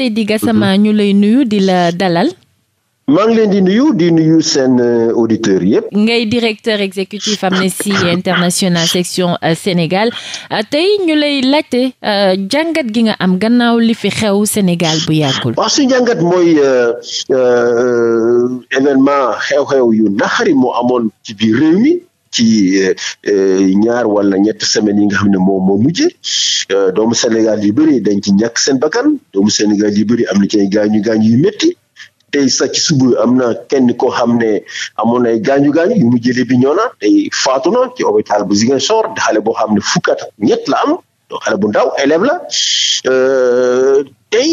Seydi Gassama ñu lay nuyu di la dalal. maa ngi leen di nuyu di nuyu seen euh, auditeurs yëpp. ngay directeur exécutif Amnesty International section euh, Sénégal euh, tey ñu lay laajte jàngat gi nga am gannaaw li fi xew Sénégal bu yàggul. waaw su jàngat mooy événement xew-xew yu naxari moo amoon ci biir réew mi. ci euh, euh, ñaar wala ñett semaines yi nga xam ne moom moo mujj euh, doomu Sénégal yu bëri dañ ci ñàkk seen bakkan doomu Sénégal yu bëri am na ci ay gaañu gaañu yu métti tey sax ci suba am na kenn koo xam ne amoon ay gaañu gaañu yu mu jëlee bi ñoo na tey faatu na ci hôpital bu Ziguinchor soor xale boo xam ne fukki at ñett la am xale bu ndaw élève la tey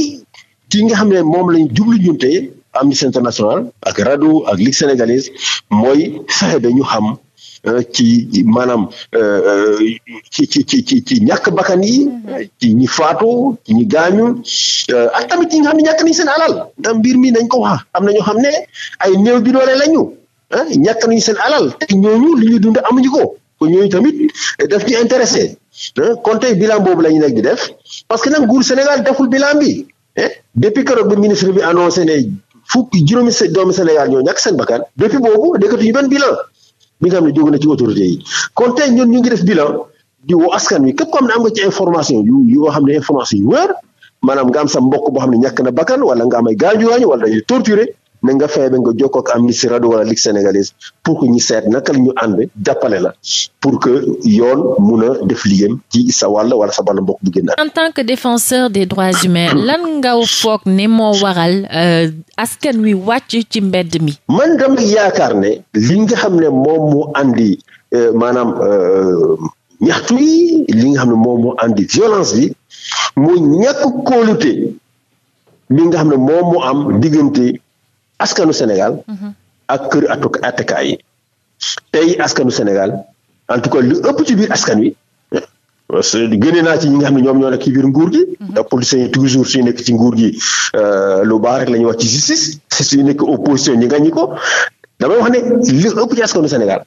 ki nga xam ne moom lañ jublu ñun tey Amnesty International ak RADDHO ak Ligue sénégalaise mooy fexe ba ñu xam. Euh, ci maanaam euh, euh, ci ci ci ci ci ñàkk bakkan yi ci ñi faatu ci ñi gaañu ak tamit ñi nga xam ne ñàkk nañ seen alal ndax mbir mi nañ ko wax am na ñoo xam ne ay néew di doole lañu ah ñàkk nañ seen alal ñooñu li ñu dund amuñu ko ko ñooñu tamit def ñu intéressé ah. kon tey bilan boobu la ñu nekk di def parce que nag nguur Sénégal deful bilan bi eh. depuis keroog bi ministre bi annoncé ne fukki juróomi doomi Sénégal ñoo ñàkk seen bakkan depuis boobu nekkatuñu benn bilan bi nga xam ne jóge na ci autorité yi kon tey ñun ñu ngi def bilan di woo askan wi képp ko xam ne am nga ci information yu yoo xam ne information yu wër maanaam nga am sa mbokk boo xam ne ñàkk na bakan wala nga am ay gaañu-gaañu wala dañuy torturé na nga fexe ba nga jokkoo am Amnesty Radio wala Ligue sénégalaise pour que ñu seet naka la ñu ànd jàppale la pour que yoon mun def liggéeyam ci sa wàll wala sa wàll mbokk bu génn en tant que défenseur des droits humains lan nga foog ne moo waral euh, askan wi wàcc ci mbedd mi. man dama yaakaar ne li nga xam ne moom mu andi euh, maanaam euh, ñaxtu yi li nga xam ne moom moo andi violence bi mu ñàkk kóolute li nga xam ne moom moo am diggante. askanu Sénégal. Mhm. ak kër àttekaay yi. tey askanu Sénégal en tout cas lu ëpp ci biir askan wi. génne naa ci ñi nga xam ne ñoom ñoo nekk ci biir nguur gi. Mhm. ndax politiciens yi toujours suñu nekk ci nguur gi euh, lu baax rek la ñuy wax ci justice suñu nekk opposition ñi nga ñi ko damay wax ne li ëpp ci askanu Sénégal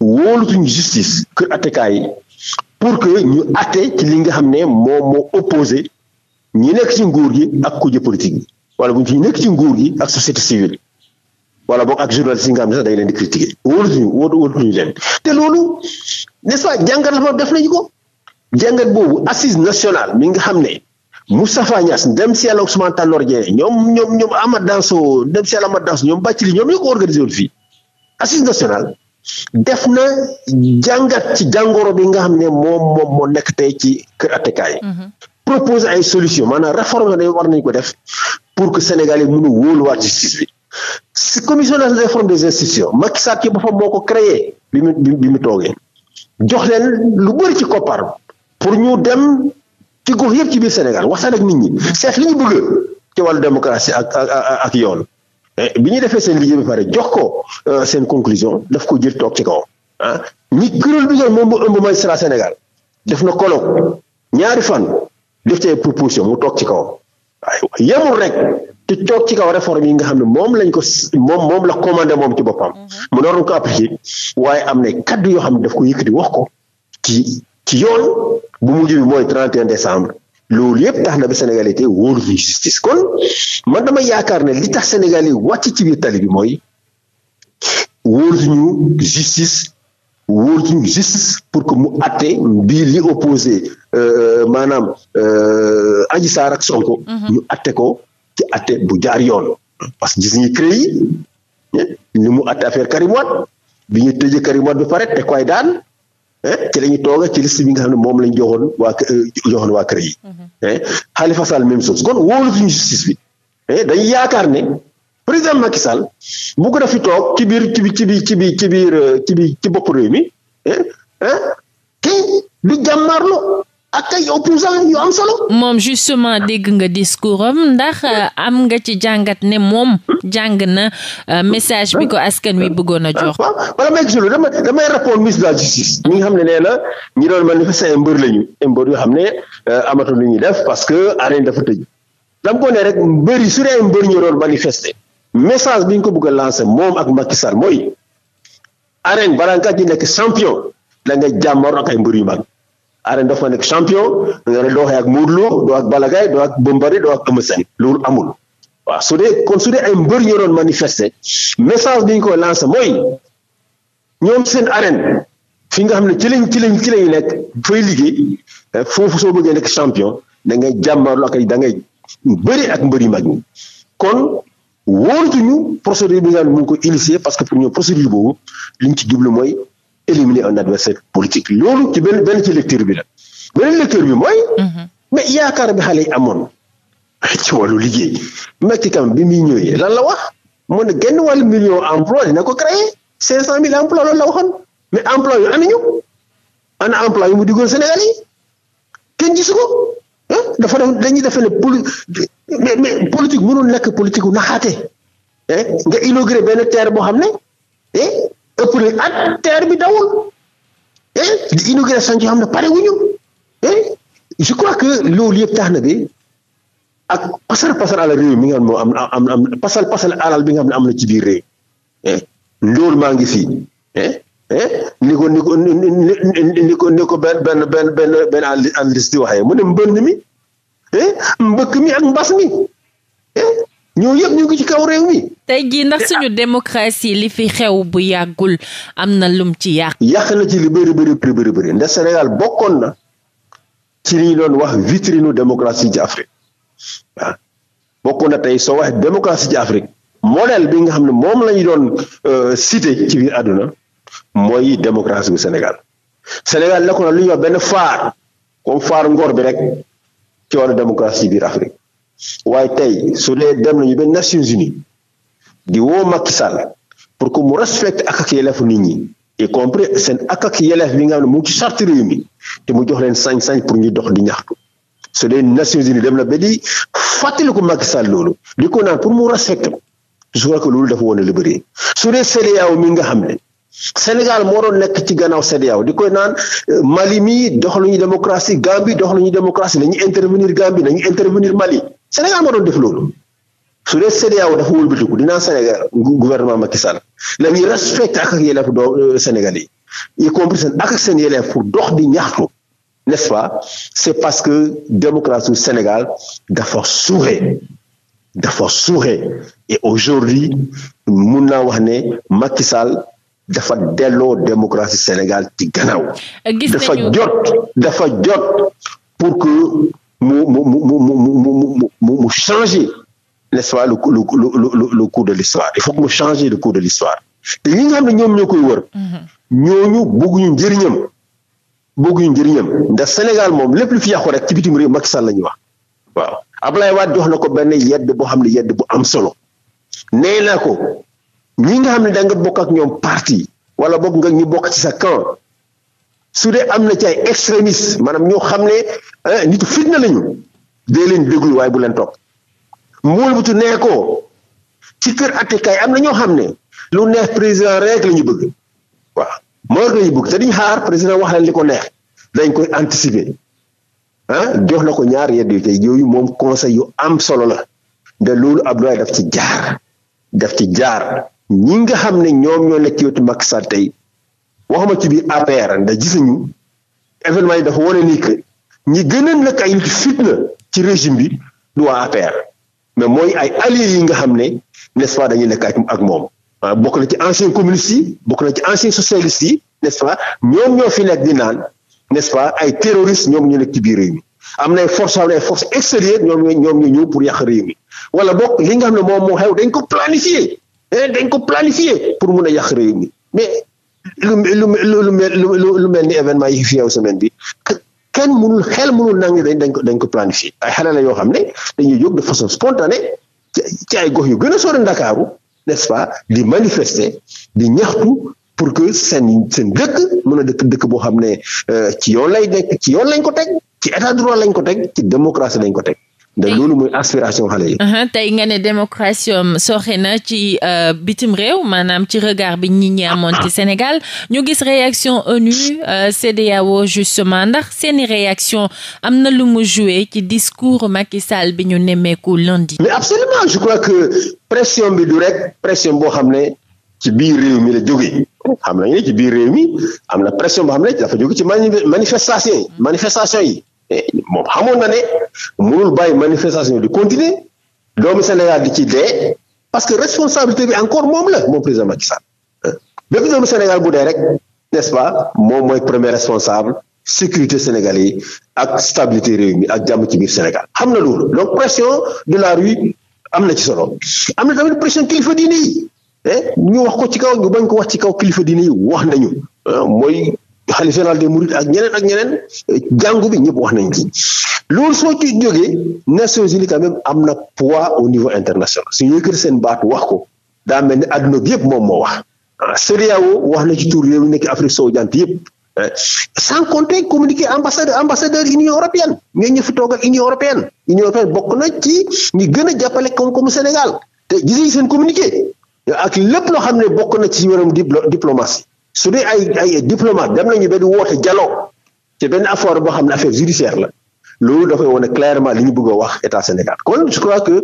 wóolutuñu justice kër àttekaay yi pour que ñu àtte ci li nga xam ne moom moo opposé ñi nekk ci nguur gi ak kuje politique bi. wala bu ñu fi nekk ci nguur gi ak société civile wala boog ak journaliste yi nga xam ne dañ leen di critiquer wóolutuñu wóolutuñu leen te loolu n'est-ce pas jàngat la def nañu boobu assise nationale mi nga xam ne Moustapha Niass dem si yàlla ñoom ñoom ñoom Amath Danso dem si yàlla Amath Danso ñoom Bathily ñoom ñoo ko organisé woon fii assise nationale def na jàngat ci jàngoro bi nga xam ne moom moom moo nekk tey ci kër attekaay. Mm-hmm. proposer ay solution maanaam réforme ne war ko def pour que Sénégal yi mën a wóoluwaat justice bi si commission de réforme des institutions Macky Sall ci boppam moo ko créé bi mu bi mu toogee jox leen lu bëri ci koppar pour ñu dem ci gox yëpp ci biir Sénégal waxtaan ak nit ñi seet li ñu bëgg ci démocratie ak ak ak yoon eh, bi ñu defee seen liggéey bi pare jox ko euh, seen conclusion daf ko jël toog ci kaw ah ñi kuréel bi nga moom mu ëmb magistrat Sénégal def na colloque ñaari fan def ci proposition mu toog ci kawam. yemul rek te toog ci kaw réforme yi nga xam ne moom lañ ko moom moom la commandé moom ci boppam. Mhm. mu noonu ko appliqué waaye am na kaddu yoo xam ne daf ko yëkk di wax ko ci ci yoon bu mujj bi mooy 31 décembre. loolu yëpp tax na ba Sénégal yi tey justice kon man dama yaakaar ne li tax Sénégal yi wàcc ci biir tali bi mooy wóolu ñu justice wóortuñu justice pour que mu atte bii li opposé euh, maanaam euh, Adji aji ak Sonko mhm. ñu atte ko ci atte bu jaar yoon parce que gis ñu cré yi ni mu atte affaire Karim bi ñu tëjee Karim Wade bi pare te koy daan ci la ñu tooga ci liste mi nga xam ne moom lañ joxoon waa euh, joxoon waa cré yi mhm. Khalifa même chose kon wóoratuñu justice bi dañu yaakaar ne président Macky Sall mu ko dafi toog ci biir ci biir ci biir ci biir ci biir euh, ci biir ci bopp réew mi te du jàmmaarlo ak ay opposants yu am solo. moom justement dégg nga discours am ndax euh, am nga ci jàngat ne moom jàng na euh, message bi ko askan wi bëggoon a jox. waaw wala may gisul dama damay rapport ministre de la justice. ñi xam ne nee na ñi doon manifester ay mbër lañu ay mbër yoo xam ne amatu lu ñuy def parce que arène dafa tëj. dama ko rek mbër yi su dee mbër ñu doon manifester. message bi ñu ko bëgg a moom ak Macky Sall mooy arène balaa nga ci nekk champion da ngay jàmmaroo ak ay mbër yu mag arène dafa nekk ne doo xee ak Modou Lo ak Balla Gaye doo ak Bombardier doo ak Eumeu Sène loolu amul waaw su dee kon su dee ay mbër ñoo doon manifester message bi ñu mooy ñoom seen arène fi nga xam ne ci lañ ci lañ ci lañ nekk fay liggéey eh, foofu soo bëggee nekk champion da ngay jàmmaroo ak da ngay ak mbër yu mag kon. wóoratuñu procédure bi nga xam ne initier parce que pour ñoom procédure boobu li ñu ci jublu mooy éliminer un adversaire politique loolu ci benn benn ci lecture bi la beneen lecture bi mooy. Mhm. mais yaakaar bi xale yi amoon ci wàllu liggéey Macky kam bi muy ñëwee lan la wax mu ne genn wàllu million emploi dina ko créé cinq cent mille emploi loolu la waxoon mais emploi yu am ñu ana emploi yu mu diggoon Sénégal yi kenn gisu ko. dafa doon dañuy defee ne poli mais mais politique mënul nekk politique gu naxaate nga inauguré benn terre boo xam ne eh ëpp na bi dawul eh di inauguré sànq yoo xam ne pare wuñu eh je crois que loolu yëpp tax na bi ak pasar pasar alal réew mi nga xam ne am am am pasal pasal alal bi nga xam ne am na ci biir réew eh loolu maa ngi fi eh Eh? ni ko ko ni ko benn benn benn benn benn analyste di waxee mu ne mbënd mi eh? mbëkk mi ak mbas mi eh? ñoo yëpp ñu ngi ci kaw réew mi. tey jii ndax suñu démocratie li fi xew bu yàggul am na lum ci yàq. yàq na ci li bëri bëri bëri bëri ndax Sénégal bokkoon na ci li ñu doon wax vitrine démocratie ci Afrique waaw bokkoon na tey soo waxee démocratie ci Afrique modèle bi nga xam ne moom lañu doon euh, cité ci biir àdduna. mooy démocratie bu Sénégal Sénégal nekk na lu ñuy wax benn faar comme faar ngor bi rek ci wàllu démocratie biir Afrique waaye tey su dee dem nañu ba Nations Unies di woo Macky Sall pour que mu respecte ak ak yelleefu nit ñi y compris seen ak ak yelleef bi nga xam ne mu ngi ci charte réew mi te mu jox leen sañ-sañ pour ñu dox di ñaxtu su dee Nations Unies dem na ba di fàttali ko Macky loolu li ko naan pour mu respecte ko je loolu dafa wane lu bëri su dee CEDEAO mi nga xam ne Sénégal moo doon nekk ci gannaaw CEDEAO di koy naan euh, Mali mii dox lu ñuy démocratie Gambie dox lu ñuy démocratie nañu intervenir Gambie nañu intervenir Mali Sénégal moo doon def loolu su dee CEDEAO dafa wëlbatiku dinaa Sénégal gouvernement Macky Sall nañu respecté ak ak yelleef doo euh, Sénégal yi y compris seen ak ak seen yelleef pour dox di ñaxtu n'est-ce pas c'est parce que démocratie du Sénégal dafa suuxee dafa suuxee et aujourd'hui mun naa wax ne Macky dafa delloo démocratie Sénégal ci gannaaw. dafa jot dafa jot pour que mu mu mu mu mu mu mu changer n'est-ce pas le le le le cours de l'histoire il faut que mu changer le cours de l'histoire te ñi nga xam ne ñoom ñoo koy wër. Mhm. ñooñu bëgguñu njëriñam bëgguñu njëriñam ndax Sénégal moom lépp lu fi yàqu rek ci bitim réew Macky Sall la ñuy wax waaw Ablaye Wade jox na ko benn yedd boo xam ne yedd bu am solo nee ko. ñi nga xam ne da nga bokk ak ñoom parti wala bokk nga ñu bokk ci sa camp su dee am na ci ay extrémiste maanaam ñoo xam ne eh, nitu fitna lañu dee leen déglu waaye bu leen topp mool butu nee ko ci kër kay am na ñoo xam ne lu neex président rek la ñu bëgg waaw moo rek la ñu bëgg te dañu xaar président wax leen li ko neex dañ koy anticiper ah jox na ko ñaar yedd yu tey yooyu moom conseil yu am solo la nde loolu ab Abdoulaye daf ci jaar daf ci jaar ñi nga xam ne ñoom ñoo nekk ci wetu Macky Sall tey waxuma ci biir APR ndax gis nañu événement yi dafa wane ni que ñi gën a nekk ay fitna ci régime bi du waa APR mais mooy ay alliés yi nga xam ne n'est-ce pas dañuy nekk ak moom ah, bokk na ci anciens communistes yi bokk na ci anciens socialistes yi n'est-ce pas ñoom ñoo fi nekk di naan n'est-ce ay terroristes ñoom ñu nekk ci biir réew am na ay forces am na ay forces extérieures ñoom ñoo ñoom ñëw pour yàq réew mi wala bokk li nga xam ne moom moo dañ ko planifier Eh, dañ ko planifier pour mun a yàq réew mais lu lu lu lu mel ni événement yi fi yow semaine bi kenn mënul xel mënul nangu dañ dañ ko dañ ko planifier ay xale yoo xam ne dañuy jóg de façon spontanée caay gox yu gën a sori Ndakaaru n'est-ce pas di manifester di ñaxtu pour que seen seen dëkk mën a dëkk dëkk boo xam ne euh, ci yoon lay nekk ci yoon lañ ko teg ci état droit lañ ko teg ci démocratie lañ ko teg da loolu mooy aspiration xale yi. tey nga ne démocratie soxe na ci euh, bitim réew maanaam ci regard bi ñi ñi amoon ci Sénégal ñu gis réaction ONU euh, CEDEAO justement ndax seeni réaction am na lu mu joué ci discours Macky Sall bi ñu nemmeeku lundi. mais absolument je crois que pression bi du rek pression boo xam ne ci biir réew mi la jógee. xam nañu ne ci biir réew mi am na pression boo xam ne dafa jóge ci manifestation manifestation yi. Eh, moom xamoon na ne mënul bàyyi manifestation di continuer doomu Sénégal di ci dee parce que responsabilité bi encore moom la moom président ma Sall eh, bépp doomu Sénégal bu dee rek n'est-ce pas moom mooy premier responsable sécurité Sénégal yi ak stabilité réew ak jàmm ci biir Sénégal xam na loolu donc pression de la rue am na ci solo am na tamit pression kilifa diine yi eh, ñu wax ko ci kaw ñu bañ ko wax ci kaw kilifa diine yi wax nañu mooy xalifa général des mourides ak ñeneen ak ñeneen jàngu bi ñëpp wax nañ ci loolu soo ci jógee Nations Unies quand même am na poids au niveau international su ñu yëkkati seen baat wax ko daa mel ne àdduna yëpp moom moo wax ah CEDEAO wax na ci tur réew yi nekk Afrique sowu jant yëpp eh, sans compter communiqué ambassadeur ambassadeur Union européenne ñooy ñu fi toogal Union européenne Union bokk na ci ñi gën a jàppale koom-koomu Sénégal te gis seen communiqué ak lépp loo xam ne bokk na ci wàllum diplomatie su dee ay ay diplomate dem nañu benn di woote dialogue ci benn affaire boo xam ne affaire judiciaire la loolu dafay wane clairement li ñu bëgg wax état Sénégal kon je crois que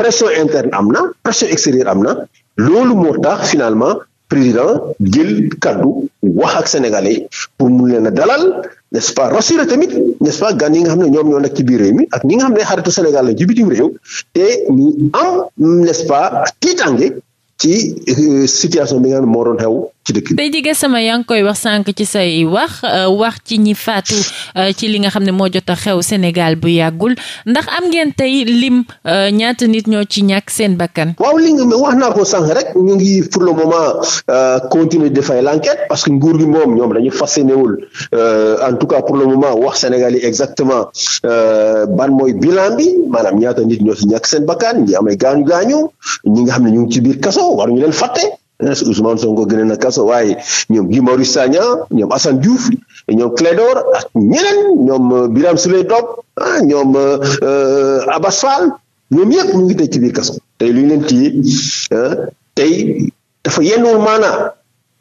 pression interne am na pression extérieure am na loolu moo tax finalement président jël kaddu wax ak sénégalais pour mu leen a dalal n'est-ce pas rassurer tamit n'est-ce pas gan yi nga xam ne ñoom ñoo nekk ci biir réew mi ak ñi nga xam ne xaritu Sénégal lañ ci bitim réew te ñu am n'est-ce pas tiitange ci euh, situation bi nga xam ne ci dëkk bi. Seydi Gassama yaa ngi koy wax sànq ci say wax euh, wax ci ñi faatu euh, ci li nga xam ne moo jot a xew Sénégal bu yàggul ndax am ngeen tey lim euh, ñaata nit ñoo ci ñàkk seen bakkan. waaw li nga wax naa sànq rek ñu ngi pour le moment continuer de faire l'enquête parce que nguur gi moom ñoom dañu fas yéenewul en tout cas pour le moment wax Sénégal yi exactement ban mooy bilan bi maanaam ñaata nit ñoo ci ñàkk seen bakkan ñi amee gaañu gaañu ñi nga xam ne ñu ngi ci biir kaso ñu leen fàtte. Ousmane Sonko gën na kaso waaye ñoom Guy Marius ñoom Assane Diouf ñoom Clédor ak ñeneen ñoom euh, Birame Souleye Diop ah ñoom euh, euh, Abass Fall ñoom yëpp mu ngi tëj ci biir kaso tey lu ñu leen téye ah, tey dafa yenwul maanaa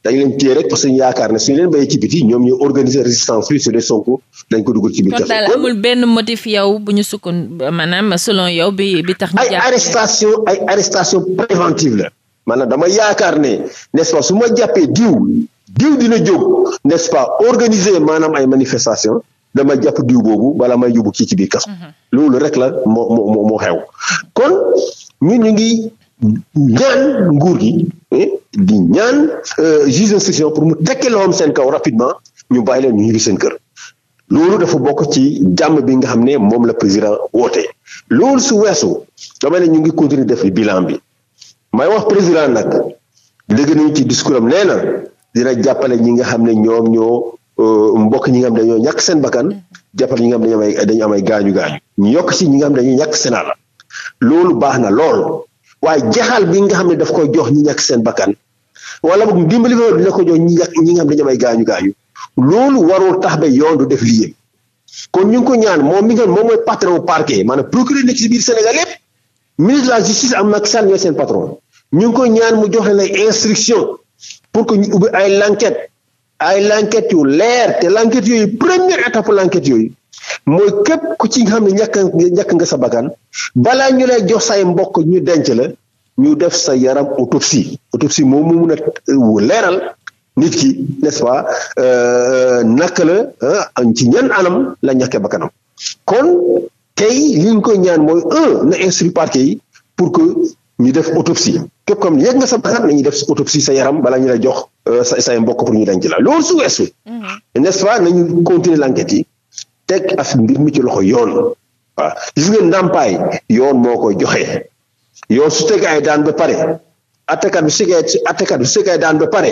dañ leen téye rek parce que ñu yaakaar ne suñu leen bayee ci biti ñoom ñu organiser résistance fii su dee Sonko dañ ko dugal ci biir kaso kon daal amul benn motif yow bu ñu sukkoon maanaam selon yow bi bi tax ñu jàpp ay arrestation ay arrestation préventive la maanaam damay yaakaar ne n'est-ce pas su ma jàppee diw diw dina jóg n'est-ce pas organiser maanaam ay manifestation dama jàpp diw boobu balaa may yóbbu kii ci biir kaso mhm. loolu rek la moo moo moo xew kon ñun ñu ngi ñaan nguur gi eh, di ñaan euh, juge d'instruction pour mu tekki loxoom seen kaw rapidement ñu bàyyi leen ñu ngi seen kër loolu dafa bokk ci jàmm bi nga xam ne moom la président woote loolu su weesu dama ne ñu ngi continuer def bilan bi may wax président nag dégg nañu ci discours am nee na dina jàppale ñi nga xam ne ñoom ñoo euh, mbokk ñi nga xam ne dañoo ñàkk seen bakkan jàppale ñi nga xam ne dañu am ay gaañu gaañu ñu si ñi nga xam ne ñàkk seen àll baax na lool waaye jaxal bi nga xam ne daf jox ñi ñàkk seen bakkan wala boog dimbali bi dina ko jox ñi ñàkk ñi nga xam ne ay gaañu gaañu loolu warul tax ba yoon du def liggéey kon ñu ngi ko ñaan moom mi nga moom mooy patron parquet maanaam procureur nekk si biir Sénégal yépp ministre la justice am Macky Sall ñooy seen patron ñu ngi koy ñaan mu joxe lay instruction pour que ñu ubbi ay l'enquête ay l'enquête yu leer te l'enquête yooyu première étape l'enquête yooyu mooy képp ku ci nga xam ne ñàkk ñàkk nga sa bakkan balaa ñu lay jox say mbokk ñu denc la ñu def sa yaram autopsie autopsie moom mu mun a euh, leeral nit ki n'est-ce pas euh, naka la ci ñan anam la ñàkkee bakkanam kon tey li ñu na instruire parquet yi pour que ñu def autopsie képp comme yegg nga sa bakkan nañu def autopsie sa yaram balaa ñu la jox euh, sa say mbokk pour ñu denc la loolu su weesu. Mm-hmm. n'est-ce pas nañu continuer l'enquête yi teg af ci loxo yoon. waaw gis ngeen yoon moo koy joxe yoon su teg ay daan ba pare attakat bi su fekkee attakat bi su daan ba pare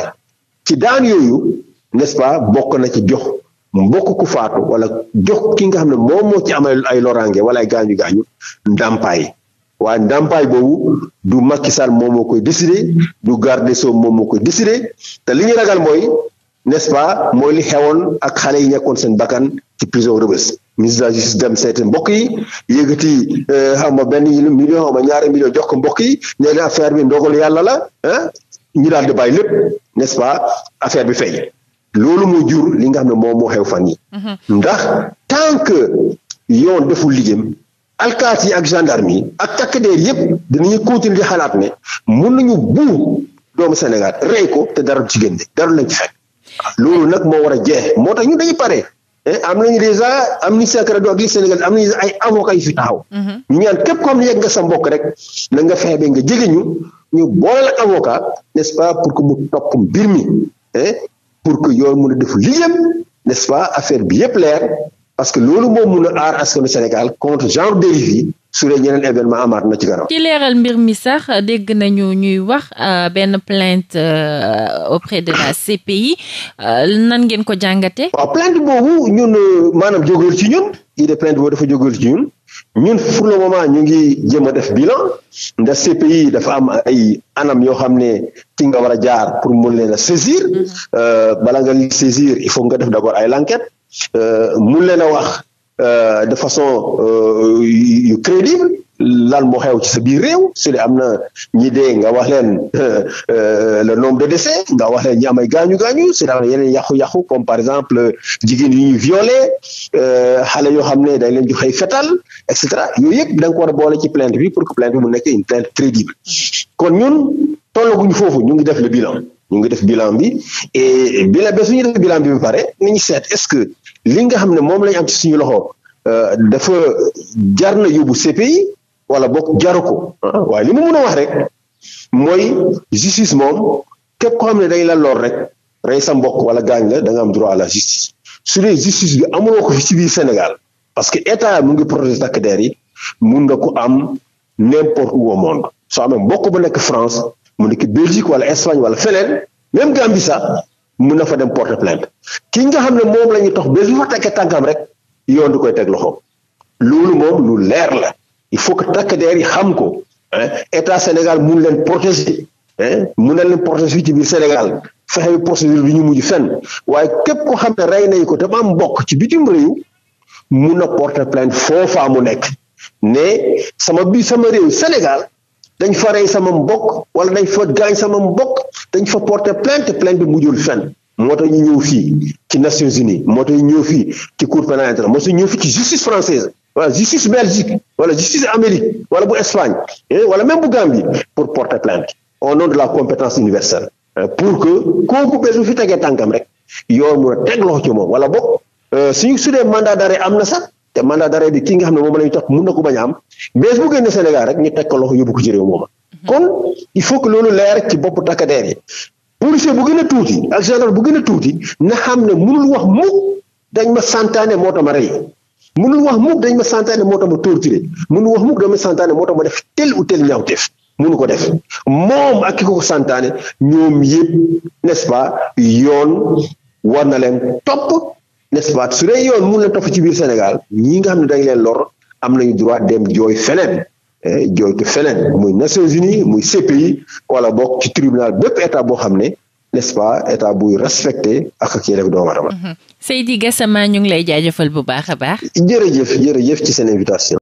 ci daan yooyu n'est-ce pas bokk na ci jox. mbokk ku faatu wala jox ki nga xam ne moom moo ci amal ay loraange wala ay gaañu gaañu ndàmpaay waaye ndàmpaay boobu du Macky Sall moom moo koy décidé du garde des moom moo koy décidé te li ñu ragal mooy n'est-ce pas mooy li xewoon ak xale yi ñekkoon seen bakkan ci prison Rebeuss ministre de la justice dem seeti mbokk yi yëkkati euh, xam nga benn million xam nga ñaari million jox ko mbokk yi nee na affaire bi ndogalu yàlla la ah ñu daal di bàyyi lépp n'est-ce pas affaire bi fay loolu moo jur li nga xam ne moom moo xew fan yi mm-hmm. ndax tant que yoon deful liggéeyam alkaati yi ak gendarme yi ak takk der yëpp dinañu continuer di xalaat ne mën nañu buur doomu Sénégal rey ko te dara ci génne dara lañ ci fekk loolu nag moo war a jeex moo tax ñu dañu pare eh, am nañu déjà am ni secret doo ak li Sénégal am nañu ay avocats yu fi taxaw mhm. ñu ñaan képp ko xam ne yegg nga sa mbokk rek na nga fexe nga jege ñu ñu booleel ak avocat n'est-ce pas pour que mu topp mbir mi eh, pour que yoon mën a def liggéeyam nest pas affaire bi yëpp leer parce que loolu moo mun a aar askanu Sénégal contre genre dérive yi su dee ñeneen événement amaat na ci garaw ci leeral mbir mi sax dégg nañu ñuy wax euh, benn plainte euh, auprès de la CPI euh, nan ngeen ko jàngate waaw plainte boobu ñun maanaam jógul ci ñun idée plainte boobu dafa jógul ci ñun ñun pour le moment ñu ngi jëm a def bilan ndax CPI dafa am ay anam yoo xam ne ci nga war a jaar pour mun leen a saisir mm-hmm. bala nga saisir il faut nga def d'abord ay enquête Euh, mun leen a wax euh, de façon euh, yu crédible lan moo xew ci sa biir réew su dee am na ñi dee nga wax leen le nombre de décès nga wax leen ñi am gaañu gaañu su dee am na yeneen yàqu-yàqu comme par exemple jigéen yi ñu violé xale yoo xam ne dañ leen jox ay fetal et cetera yooyu yëpp da ko war boole ci plainte bi pour que plainte bi mu nekk une plainte crédible mm-hmm. kon ñun tollaguñu foofu ñu ngi def le bilan. mu ngi def bilan bi et bila ba suñu def bilan bi ba pare nañu seet est-ce que li nga xam ne moom lañ am ci suñu loxo euh, dafa jar na yóbbu CPI wala bokk jaru ko ah, waaye li ma mën a wax rek mooy justice moom képp koo xam ne dañ la lool rek rey sa mbokk wala gaañ la da nga am droit à la justice su dee justice bi amuloo ko ci biir Sénégal parce que état mu ngi protéger takk der yi mun nga ko am n'importe où au monde soo amee mbokk bu nekk France mu nekk Belgique wala Espagne wala feneen même Gambie sax mun na fa dem porter plainte ki nga xam ne moom la ñuy tax ba su fa tekkee tànkam rek yoon du koy teg loxo loolu moom lu leer la il faut que takk deer yi xam ko état Sénégal mun leen protéger mun na leen protéger ci biir Sénégal fexe procédure bi ñu mujj fenn waaye képp ko xam ne rey nañ ko te mu am mbokk ci bitim réew mun na porter plainte foofaa mu nekk ne sama bi sama réew Sénégal. dañ fa rey sama mbokk wala dañ fa gaañ sama mbokk dañ fa porter plainte plainte bi mujjul fenn moo tax ñu ñëw fii ci Nations Unies moo tax ñu ñëw fii ci Cour pénale internationale ñëw fii ci justice française wala justice Belgique wala justice Amérique wala bu Espagne eh, wala même bu bi pour porter plainte au nom de la compétence universelle euh, pour que kooku bés bu fi tegee tànkam rek yoon mun a teg loxo ci moom wala boog euh, si su dee mandat d'arrêt am na sax te mandat d'arrêt bi ki nga xam ne moom la ñu topp mun na ko bañ a am bés bu génne Sénégal rek ñu teg ko loxo yóbbu ko ci réew mooma mhm. kon il faut que loolu leer ci bopp takk der yi policier bu a tuuti ak gendarme bu gën a tuuti na xam ne munul wax mukk dañ ma santaane moo tax ma wax mukk dañ ma santaane moo tax ma torturé munul wax mukk dañ ma santaane moo tax ma def tel ou tel ñaawteef munu ko def moom ak ki ko santaane ñoom yëpp nest yoon war na leen topp n'est-ce pas su dee yoon mun na topp ci biir Sénégal ñii nga xam ne dañ leen lor am nañu droit dem jooy feneen eh, jooytu feneen muy Nations Unies muy CPI wala bokk ci tribunal bépp état boo xam ne n'est-ce pas état buy respecté ak ak yelleef doomu aadama. Mm-hmm. Seydi Gassama ñu ngi lay jaajëfal bu baax a baax. jërëjëf jërëjëf ci seen invitation.